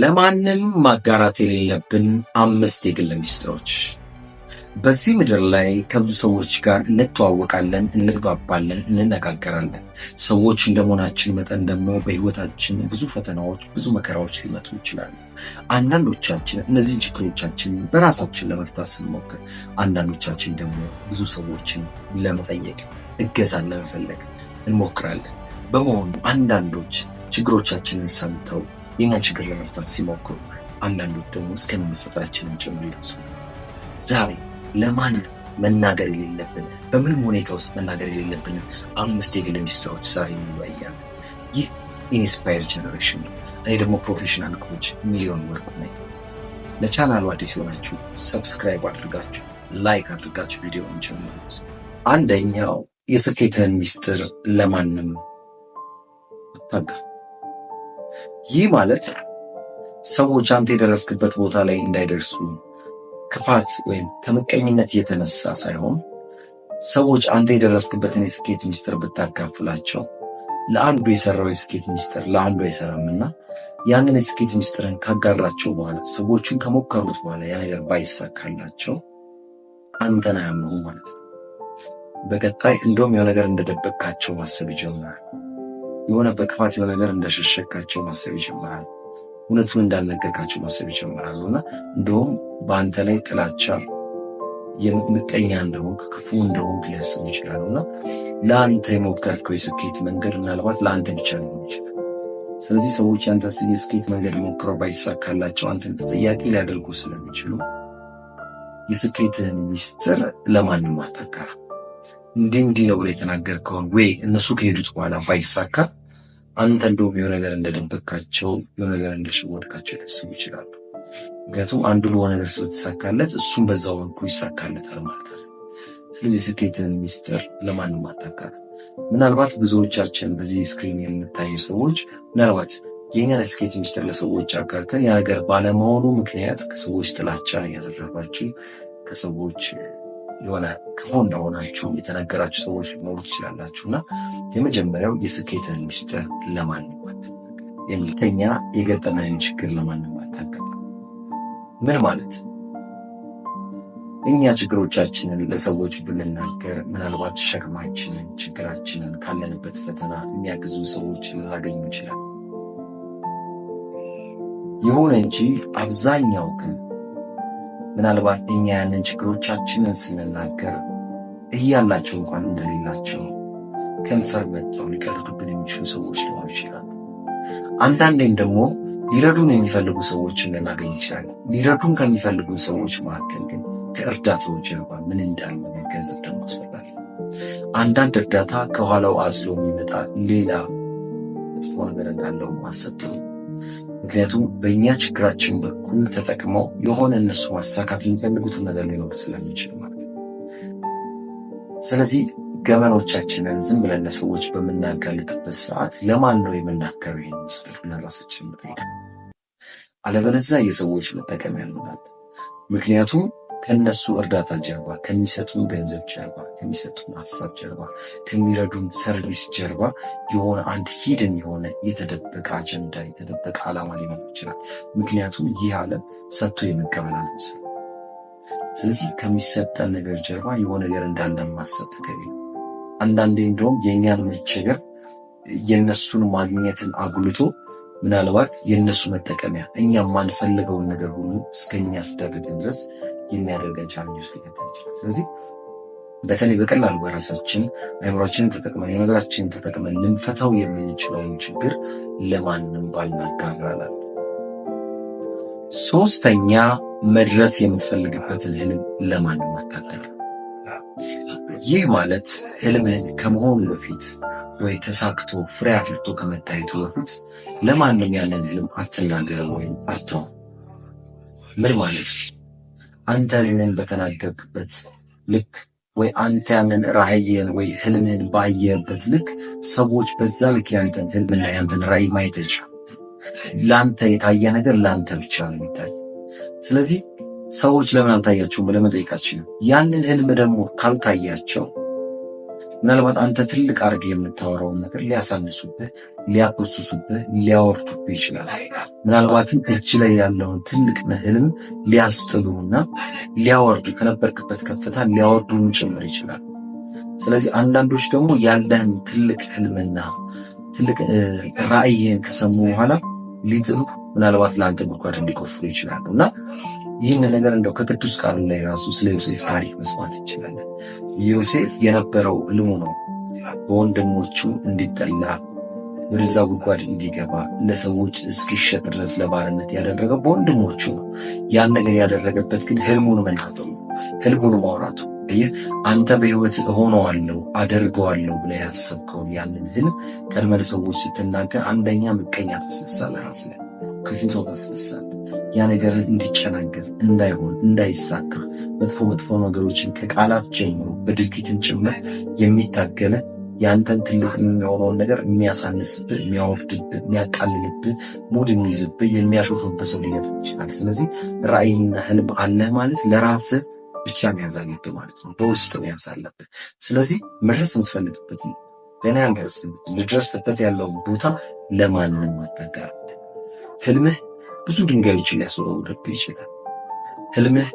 ለማንም ማጋራት የሌለብን አምስት የግል ሚስጥሮች። በዚህ ምድር ላይ ከብዙ ሰዎች ጋር እንተዋወቃለን፣ እንግባባለን፣ እንነጋገራለን። ሰዎች እንደመሆናችን መጠን ደግሞ በህይወታችን ብዙ ፈተናዎች፣ ብዙ መከራዎች ሊመጡ ይችላሉ። አንዳንዶቻችን እነዚህን ችግሮቻችን በራሳችን ለመፍታት ስንሞክር፣ አንዳንዶቻችን ደግሞ ብዙ ሰዎችን ለመጠየቅ እገዛን ለመፈለግ እንሞክራለን። በመሆኑ አንዳንዶች ችግሮቻችንን ሰምተው የኛን ችግር ለመፍታት ሲሞክሩ አንዳንዶች ደግሞ እስከ ጭምር ይደርሱ። ዛሬ ለማን መናገር የሌለብን በምንም ሁኔታ ውስጥ መናገር የሌለብን አምስት የግል ሚስጥሮች ዛሬ ይወያል ይህ ኢንስፓየር ጀኔሬሽን ነው። እኔ ደግሞ ፕሮፌሽናል ኮች ሚሊዮን ወርቅ ነኝ። ለቻናሉ አዲስ የሆናችሁ ሰብስክራይብ አድርጋችሁ ላይክ አድርጋችሁ ቪዲዮውን ጀምሩት። አንደኛው የስኬትን ሚስጥር ለማንም አታጋል ይህ ማለት ሰዎች አንተ የደረስክበት ቦታ ላይ እንዳይደርሱ ክፋት ወይም ከምቀኝነት የተነሳ ሳይሆን ሰዎች አንተ የደረስክበትን የስኬት ሚስጥር ብታካፍላቸው ለአንዱ የሰራው የስኬት ሚስጥር ለአንዱ አይሰራምና ያንን የስኬት ሚስጥርን ካጋራቸው በኋላ ሰዎችን ከሞከሩት በኋላ ያ ነገር ባይሳካላቸው አንተን አያምኑም ማለት ነው። በቀጣይ እንደውም የሆነ ነገር እንደደበቅካቸው ማሰብ ይጀምራል። የሆነ በክፋት የሆነ ነገር እንደሸሸካቸው ማሰብ ይጀምራል። እውነቱን እንዳልነገርካቸው ማሰብ ይጀምራሉ እና እንደውም በአንተ ላይ ጥላቻ የምቀኛ እንደሆንክ ክፉ እንደሆንክ ሊያስቡ ይችላሉ እና ለአንተ የሞከርከው የስኬት መንገድ ምናልባት ለአንተ ብቻ ሊሆን ይችላል። ስለዚህ ሰዎች ያንተ የስኬት መንገድ ሞክረው ባይሳካላቸው አንተን ተጠያቂ ሊያደርጉ ስለሚችሉ የስኬትህን ሚስጥር ለማንም አታካራ። እንዲህ እንዲህ ነው ብለህ የተናገርከውን ወይ እነሱ ከሄዱት በኋላ ባይሳካ አንተ እንደውም የሆነ ነገር እንደደበካቸው የሆነ ነገር እንደሸወድካቸው ሊያስቡ ይችላሉ። ምክንያቱም አንዱ ለሆነ ነገር ስለተሳካለት እሱም በዛው መልኩ ይሳካለታል ማለት ነው። ስለዚህ ስኬትን ሚስጥር ለማንም አታካል። ምናልባት ብዙዎቻችን በዚህ ስክሪን የምታዩ ሰዎች ምናልባት የኛን ስኬት ሚስጥር ለሰዎች አጋርተን ያ ነገር ባለመሆኑ ምክንያት ከሰዎች ጥላቻ እያተረፋችሁ ከሰዎች የሆነ ክፉ እንደሆናችሁ የተነገራችሁ ሰዎች ሊኖሩ ትችላላችሁ የመጀመሪያው የስኬትን ሚስጥር ለማንማት የሚተኛ የገጠመን ችግር ለማንማት አታጋራ። ምን ማለት እኛ ችግሮቻችንን ለሰዎች ብንናገር ምናልባት ሸክማችንን፣ ችግራችንን፣ ካለንበት ፈተና የሚያግዙ ሰዎች ልናገኙ ይችላል። ይሁን እንጂ አብዛኛው ግን ምናልባት እኛ ያንን ችግሮቻችንን ስንናገር እያላቸው እንኳን እንደሌላቸው ከንፈር መጥተው ሊቀልዱብን የሚችሉ ሰዎች ሊሆኑ ይችላሉ። አንዳንዴም ደግሞ ሊረዱን የሚፈልጉ ሰዎች እንናገኝ ይችላለን። ሊረዱን ከሚፈልጉ ሰዎች መካከል ግን ከእርዳታው ጀርባ ምን እንዳለ መገንዘብ ደግሞ አስፈላጊ። አንዳንድ እርዳታ ከኋላው አዝሎ የሚመጣ ሌላ መጥፎ ነገር እንዳለው ማሰብ ምክንያቱም በእኛ ችግራችን በኩል ተጠቅመው የሆነ እነሱ ማሳካት የሚፈልጉትን ነገር ሊኖር ስለሚችል ማለት ነው። ስለዚህ ገመኖቻችንን ዝም ብለን ለሰዎች በምናጋልጥበት ሰዓት ለማን ነው የምናከረው? ይህን ምስል ለራሳችን መጠየቅ፣ አለበለዚያ የሰዎች መጠቀም ያልሆናል። ምክንያቱም ከእነሱ እርዳታ ጀርባ ከሚሰጡ ገንዘብ ጀርባ ከሚሰጡን ሀሳብ ጀርባ ከሚረዱን ሰርቪስ ጀርባ የሆነ አንድ ሂድን የሆነ የተደበቀ አጀንዳ የተደበቀ ዓላማ ሊኖር ይችላል። ምክንያቱም ይህ ዓለም ሰጥቶ የመቀበል ዓለም ስለዚህ ከሚሰጠን ነገር ጀርባ የሆነ ነገር እንዳለ ማሰብ ተገቢ ነው። አንዳንዴ እንደውም የእኛን መቸገር የእነሱን ማግኘትን አጉልቶ ምናልባት የእነሱ መጠቀሚያ እኛ የማንፈልገውን ነገር ሁሉ እስከሚያስደርግን ድረስ የሚያደርገን ቻለንጅ ውስጥ ሊከተል ይችላል። ስለዚህ በተለይ በቀላሉ በራሳችን አይምሮችን ተጠቅመን የመግራችን ተጠቅመን ልንፈታው የምንችለውን ችግር ለማንም ባልናጋራላል። ሶስተኛ መድረስ የምትፈልግበትን ህልም ለማንም አታጋራ። ይህ ማለት ህልምህን ከመሆኑ በፊት ወይ ተሳክቶ ፍሬ አፍርቶ ከመታየቱ በፊት ለማንም ያንን ህልም አትናገር ወይም አትተው። ምን ማለት አንተ ህልምህን በተናገርክበት ልክ ወይ አንተ ያንን ራህየን ወይ ህልምን ባየበት ልክ ሰዎች በዛ ልክ ያንተን ህልምና ያንተን ራእይ ማየት ይችላል። ለአንተ የታየ ነገር ለአንተ ብቻ ነው የሚታይ። ስለዚህ ሰዎች ለምን አልታያቸውም ብለህ መጠየቃችን ያንን ህልም ደግሞ ካልታያቸው ምናልባት አንተ ትልቅ አድርገህ የምታወራውን ነገር ሊያሳንሱብህ፣ ሊያኮስሱብህ፣ ሊያወርቱብህ ይችላል። ምናልባትም እጅ ላይ ያለውን ትልቅ ህልም ሊያስጥሉና ሊያወርዱ ከነበርክበት ከፍታ ሊያወርዱን ጭምር ይችላል። ስለዚህ አንዳንዶች ደግሞ ያለህን ትልቅ ህልምና ትልቅ ራዕይህን ከሰሙ በኋላ ሊጥሉ ምናልባት ለአንተ ጉድጓድ እንዲቆፍሩ ይችላሉ እና ይህን ነገር እንደው ከቅዱስ ቃሉ ላይ ራሱ ስለ ዮሴፍ ታሪክ መስማት እንችላለን። ዮሴፍ የነበረው እልሙ ነው በወንድሞቹ እንዲጠላ ወደዛ ጉድጓድ እንዲገባ ለሰዎች እስኪሸጥ ድረስ ለባርነት ያደረገ በወንድሞቹ ነው። ያን ነገር ያደረገበት ግን ህልሙን መልከቱ ህልሙን ማውራቱ ይህ አንተ በህይወት እሆነዋለሁ አደርገዋለሁ ብለህ ያሰብከውን ያንን ህልም ቀድመ ለሰዎች ስትናገር አንደኛ ምቀኛ ታስነሳለህ፣ ራስህ ክፉ ሰው ታስነሳለህ። ያ ነገርን እንዲጨናገፍ እንዳይሆን እንዳይሳካ መጥፎ መጥፎ ነገሮችን ከቃላት ጀምሮ በድርጊትን ጭምር የሚታገለ የአንተን ትልቅ የሚሆነውን ነገር የሚያሳንስብህ፣ የሚያወርድብህ፣ የሚያቃልልብህ፣ ሙድ የሚይዝብህ፣ የሚያሾፍብህ ሰው ሊመጣ ይችላል። ስለዚህ ራዕይና ህልም አለህ ማለት ለራስህ ብቻ መያዝ አለብህ ማለት ነው። በውስጥ መያዝ አለብህ። ስለዚህ መድረስ የምትፈልግበት ገና ያልደረስበት ልደርስበት ያለው ቦታ ለማንም አታጋራ። ህልምህ ብዙ ድንጋዮችን ሊያስወርድብህ ይችላል። ህልምህ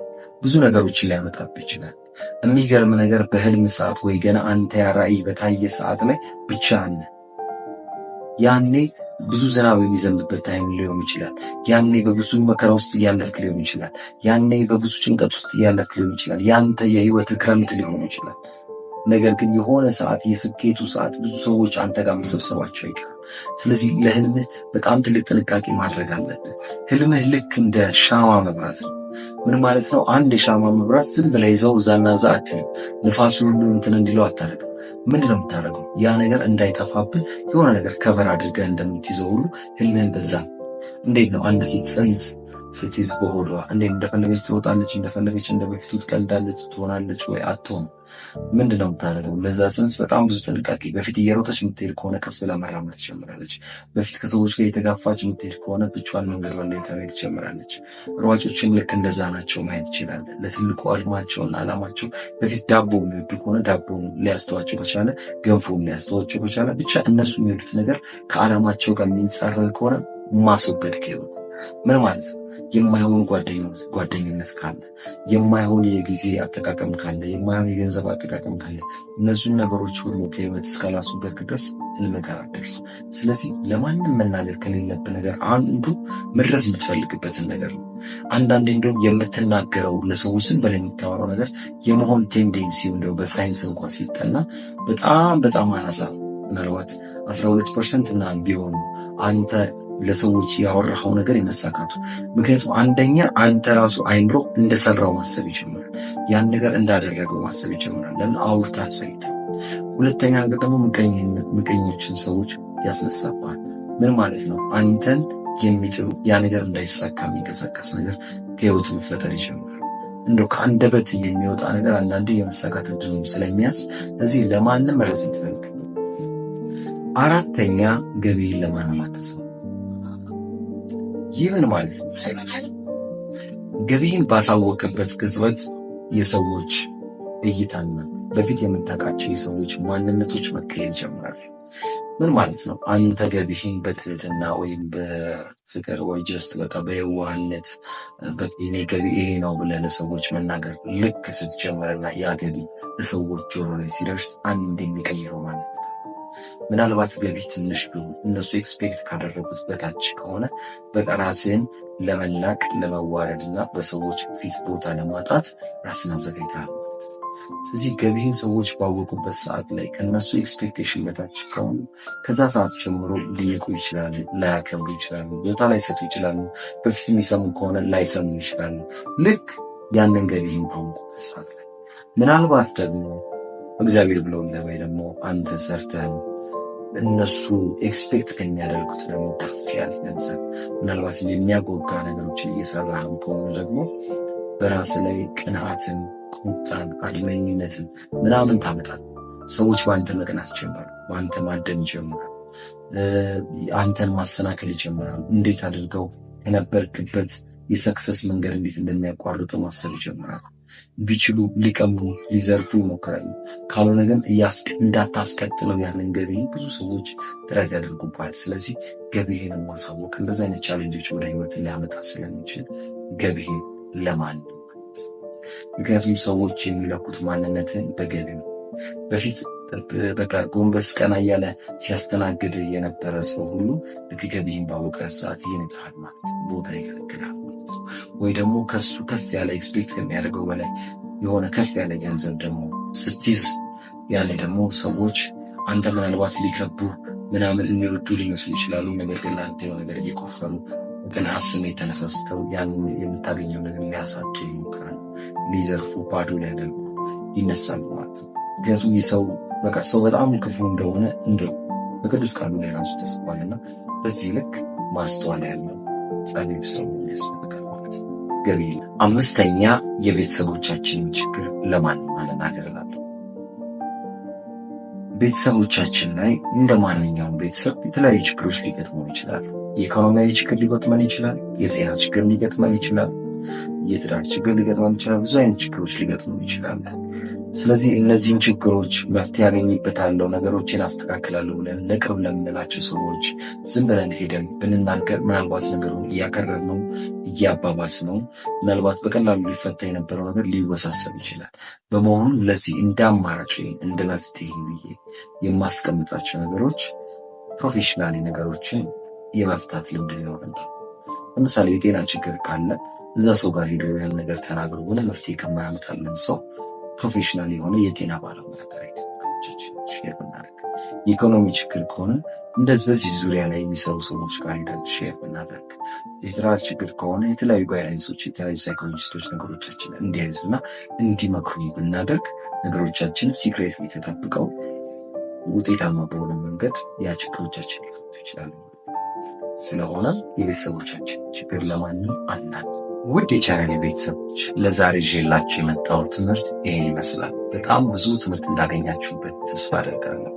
ብዙ ነገሮችን ሊያመጣብህ ይችላል። የሚገርም ነገር በህልም ሰዓት ወይ ገና አንተ ያ በታየ ሰዓት ላይ ብቻ ያኔ ብዙ ዝናብ የሚዘንብበት ታይም ሊሆን ይችላል። ያኔ በብዙ መከራ ውስጥ እያለፍክ ሊሆን ይችላል። ያኔ በብዙ ጭንቀት ውስጥ እያለፍክ ሊሆን ይችላል። ያንተ የህይወት ክረምት ሊሆን ይችላል። ነገር ግን የሆነ ሰዓት የስኬቱ ሰዓት ብዙ ሰዎች አንተ ጋር መሰብሰባቸው አይቀርም። ስለዚህ ለህልምህ በጣም ትልቅ ጥንቃቄ ማድረግ አለብህ። ህልምህ ልክ እንደ ሻማ መብራት ነው። ምን ማለት ነው? አንድ የሻማ መብራት ዝም ብለህ ይዘው እዛና እዛ አትልም። ንፋሱ ሁሉ እንትን እንዲለው አታደርግም። ምንድን ነው የምታደርገው? ያ ነገር እንዳይጠፋብህ የሆነ ነገር ከበር አድርገህ እንደምትይዘው ሁሉ ህልምህን በዛ እንዴት ነው አንድ ሴት ፅንስ ስትይዝ በሆዷ እንዴት እንደፈለገች ትወጣለች፣ እንደፈለገች እንደበፊቱ ትቀልዳለች፣ ትሆናለች ወይ አትሆንም? ምንድን ነው የምታደርገው? ለዛ ጽንስ በጣም ብዙ ጥንቃቄ። በፊት እየሮጠች የምትሄድ ከሆነ ቀስ ብላ መራመድ ትጀምራለች። በፊት ከሰዎች ጋር የተጋፋች የምትሄድ ከሆነ ብቻዋን መንገድ ላይ ተመሄድ ትጀምራለች። ሯጮችም ልክ እንደዛ ናቸው ማየት ይችላል። ለትልቁ አድማቸውና አላማቸው በፊት ዳቦ የሚወዱ ከሆነ ዳቦ ሊያስተዋቸው ከቻለ፣ ገንፎ ሊያስተዋቸው ከቻለ፣ ብቻ እነሱ የሚወዱት ነገር ከአላማቸው ጋር የሚንጻረር ከሆነ ማስወገድ ከሆነ ምን ማለት ነው የማይሆን ጓደኝነት ካለ፣ የማይሆን የጊዜ አጠቃቀም ካለ፣ የማይሆን የገንዘብ አጠቃቀም ካለ እነሱን ነገሮች ሁሉ ከህይወት እስካላስወገድክ ድረስ ህልም ጋር አትደርስም። ስለዚህ ለማንም መናገር ከሌለብህ ነገር አንዱ መድረስ የምትፈልግበትን ነገር ነው። አንዳንዴ እንዲሁም የምትናገረው ለሰዎች ዝም ብለህ የምታወራው ነገር የመሆን ቴንዴንሲ እንደው በሳይንስ እንኳ ሲጠና በጣም በጣም አናሳ ምናልባት አስራ ሁለት ፐርሰንት እና ቢሆኑ አንተ ለሰዎች ያወራኸው ነገር የመሳካቱ። ምክንያቱም አንደኛ አንተ ራሱ አይምሮ እንደሰራው ማሰብ ይጀምራል። ያን ነገር እንዳደረገው ማሰብ ይጀምራል። ለምን አውርታ ሰይት። ሁለተኛ ነገር ደግሞ ምቀኞችን ሰዎች ያስነሳባል። ምን ማለት ነው? አንተን የሚጥሩ ያ ነገር እንዳይሳካ የሚንቀሳቀስ ነገር ከህይወት መፈጠር ይጀምራል። እንደው ከአንደበት የሚወጣ ነገር አንዳንዴ የመሳካት እድሉም ስለሚያስ እዚህ ለማንም ረስ ይትፈልግ። አራተኛ ገቢህን ለማንም አታስብ ይህ ምን ማለት ይመስላል? ገቢህን ባሳወቅበት ቅጽበት የሰዎች እይታና በፊት የምታውቃቸው የሰዎች ማንነቶች መካሄድ ጀምራል። ምን ማለት ነው? አንተ ገቢህን በትህትና ወይም በፍቅር ወይ ጀስት በቃ በየዋህነት በኔ ገቢ ይሄ ነው ብለህ ለሰዎች መናገር ልክ ስትጀምርና ያ ገቢ ለሰዎች ጆሮ ላይ ሲደርስ አንድ የሚቀይረው ማለት ምናልባት ገቢ ትንሽ ቢሆን እነሱ ኤክስፔክት ካደረጉት በታች ከሆነ በቃ ራስን ለመላቅ ለመዋረድ እና በሰዎች ፊት ቦታ ለማጣት ራስን አዘጋጅተሃል ማለት። ስለዚህ ገቢህን ሰዎች ባወቁበት ሰዓት ላይ ከነሱ ኤክስፔክቴሽን በታች ከሆኑ ከዛ ሰዓት ጀምሮ ሊንቁ ይችላሉ፣ ላያከብሩ ይችላሉ፣ ቦታ ላይሰጡ ይችላሉ። በፊት የሚሰሙ ከሆነ ላይሰሙ ይችላሉ። ልክ ያንን ገቢህን ባወቁበት ሰዓት ላይ ምናልባት ደግሞ እግዚአብሔር ብለውና ወይ ደግሞ አንተ ሰርተን እነሱ ኤክስፔክት ከሚያደርጉት ደግሞ ከፍ ያለ ገንዘብ ምናልባት የሚያጎጋ ነገሮችን እየሰራህም ከሆኑ ደግሞ በራስ ላይ ቅንዓትን፣ ቁጣን፣ አድመኝነትን ምናምን ታመጣል። ሰዎች በአንተ መቅናት ይጀምራል፣ በአንተ ማደን ይጀምራል፣ አንተን ማሰናከል ይጀምራል። እንዴት አድርገው ከነበርክበት የሰክሰስ መንገድ እንዴት እንደሚያቋርጡ ማሰብ ይጀምራል። ቢችሉ ሊቀሙ ሊዘርፉ ይሞክራሉ። ካልሆነ ግን እንዳታስቀጥለው ያንን ገቢ ብዙ ሰዎች ጥረት ያደርጉባል። ስለዚህ ገቢህን ማሳወቅ እንደዚ አይነት ቻሌንጆች ወደ ህይወት ሊያመጣ ስለሚችል ገቢህን ለማን ምክንያቱም ሰዎች የሚለኩት ማንነትን በገቢ ነው በፊት በቃ ጎንበስ ቀና እያለ ሲያስተናግድ የነበረ ሰው ሁሉ ልክ ገቢህን ባወቀ ሰዓት ይህን ይልሃል ማለት ቦታ ይከለክላል ማለት ነው። ወይ ደግሞ ከሱ ከፍ ያለ ኤክስፔክት ከሚያደርገው በላይ የሆነ ከፍ ያለ ገንዘብ ደግሞ ስትይዝ ያለ ደግሞ ሰዎች አንተ ምናልባት ሊከቡ ምናምን የሚወዱ ሊመስሉ ይችላሉ። ነገር ግን ለአንተ የሆነ ነገር እየቆፈሩ ግን አስም የተነሳስተው ያንን የምታገኘው ነገር ሊያሳጡ ይሞክራል፣ ሊዘርፉ፣ ባዶ ሊያደርጉ ይነሳሉ ማለት ነው። ምክንያቱም የሰው በቃ ሰው በጣም ክፉ እንደሆነ እንደው በቅዱስ ቃሉ ላይ ራሱ ተጽፏልና በዚህ ልክ ማስተዋል ያለው ጸቢብ ሰው ያስፈልጋል ማለት ገቢ። አምስተኛ የቤተሰቦቻችንን ችግር ለማን ማለናገር ላለ ቤተሰቦቻችን ላይ እንደ ማንኛውም ቤተሰብ የተለያዩ ችግሮች ሊገጥመን ይችላሉ። የኢኮኖሚያዊ ችግር ሊገጥመን ይችላል። የጤና ችግር ሊገጥመን ይችላል። የትዳር ችግር ሊገጥመን ይችላል። ብዙ አይነት ችግሮች ሊገጥመን ይችላል። ስለዚህ እነዚህን ችግሮች መፍትሄ ያገኝበታለው ነገሮችን አስተካክላለሁ ብለን ለቅርብ ለምንላቸው ሰዎች ዝም ብለን ሄደን ብንናገር ምናልባት ነገሩ እያከረር ነው፣ እያባባስ ነው። ምናልባት በቀላሉ ሊፈታ የነበረው ነገር ሊወሳሰብ ይችላል። በመሆኑ ለዚህ እንደ አማራጭ ወይም እንደ መፍትሄ ብዬ የማስቀምጣቸው ነገሮች ፕሮፌሽናሊ ነገሮችን የመፍታት ልምድ ሊኖረን ለምሳሌ የጤና ችግር ካለ እዛ ሰው ጋር ሄዶ ያን ነገር ተናግሮ ሆነ መፍትሄ ከማያመጣልን ሰው ፕሮፌሽናል የሆነ የጤና ባለሙያ ጋር ሼር ብናደርግ፣ የኢኮኖሚ ችግር ከሆነ እንደዚህ በዚህ ዙሪያ ላይ የሚሰሩ ሰዎች ጋር ሄደን ሼር ብናደርግ፣ የትዳር ችግር ከሆነ የተለያዩ ጋይዳንሶች፣ የተለያዩ ሳይኮሎጂስቶች ነገሮቻችን እንዲያዩትና እንዲመክሩ ብናደርግ ነገሮቻችን ሲክሬት የተጠብቀው ውጤታማ በሆነ መንገድ ያ ችግሮቻችን ሊፈቱ ይችላሉ። ስለሆነ የቤተሰቦቻችን ችግር ለማንም አናት ውድ የቻናሌ ቤተሰቦች ለዛሬ ይዤላችሁ የመጣው ትምህርት ይህን ይመስላል። በጣም ብዙ ትምህርት እንዳገኛችሁበት ተስፋ አደርጋለሁ።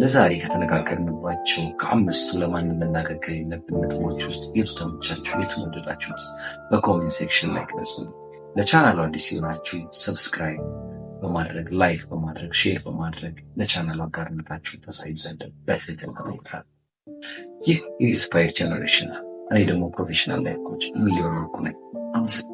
ለዛሬ ከተነጋገርንባቸው ከአምስቱ ለማንም መናገር የለብን ነጥቦች ውስጥ የቱ ተመቻችሁ፣ የቱን ወደዳችሁት በኮሜንት ሴክሽን ላይ ግለጹ። ለቻናሉ አዲስ የሆናችሁ ሰብስክራይብ በማድረግ ላይክ በማድረግ ሼር በማድረግ ለቻናሉ አጋርነታችሁ ታሳዩ ዘንድ በትህትና እጠይቃለሁ። ይህ ኢንስፓየር ጀነሬሽን ነው። na i l o mu provisional l e coach milioni kune. Answer.